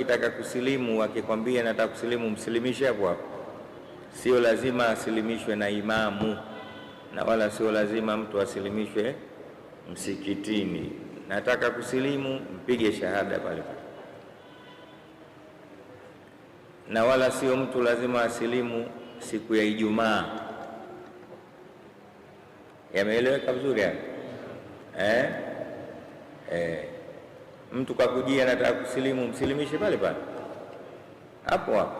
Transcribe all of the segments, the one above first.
Kitaka kusilimu akikwambia nataka kusilimu, msilimishe hapo hapo. Sio lazima asilimishwe na imamu na wala sio lazima mtu asilimishwe msikitini. Nataka kusilimu, mpige shahada pale pale, na wala sio mtu lazima asilimu siku ya Ijumaa. Yameeleweka vizuri hapo eh? Eh. Mtu kakujia anataka kusilimu, msilimishe pale pale hapo hapo.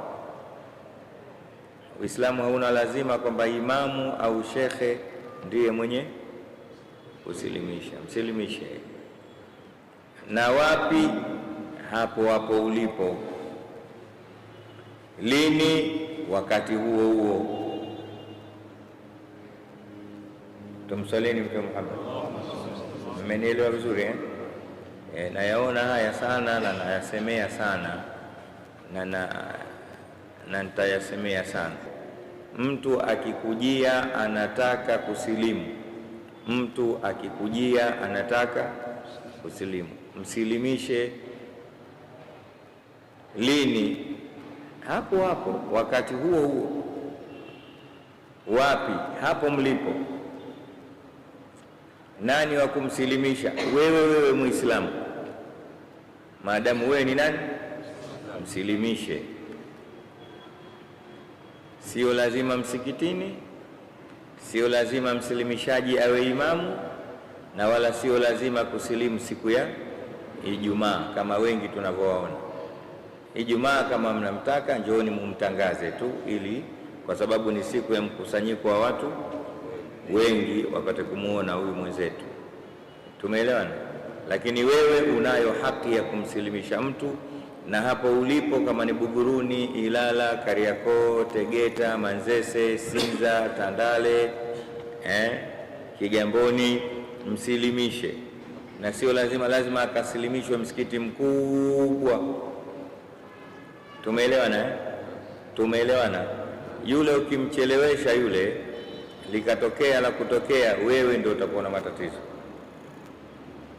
Uislamu hauna lazima kwamba imamu au shekhe ndiye mwenye kusilimisha, msilimishe. Na wapi? Hapo hapo ulipo. Lini? Wakati huo huo. Tumsalini Mtume Muhammad. Mmenielewa vizuri eh? E, nayaona haya sana na nayasemea sana na, na, na nitayasemea sana. Mtu akikujia anataka kusilimu, mtu akikujia anataka kusilimu, msilimishe lini? Hapo hapo wakati huo huo. Wapi? Hapo mlipo. Nani wa kumsilimisha? Wewe wewe Muislamu, maadamu wewe ni nani, msilimishe. Sio lazima msikitini, sio lazima msilimishaji awe imamu, na wala sio lazima kusilimu siku ya Ijumaa kama wengi tunavyowaona. Ijumaa kama mnamtaka, njooni mumtangaze tu, ili kwa sababu ni siku ya mkusanyiko wa watu wengi wapate kumwona huyu mwenzetu. Tumeelewana? Lakini wewe unayo haki ya kumsilimisha mtu, na hapo ulipo, kama ni Buguruni, Ilala, Kariakoo, Tegeta, Manzese, Sinza, Tandale, eh, Kigamboni, msilimishe, na sio lazima lazima akasilimishwe msikiti mkubwa. Tumeelewana? Eh? Tumeelewana. Yule ukimchelewesha yule likatokea la kutokea, wewe ndio utakuwa na matatizo.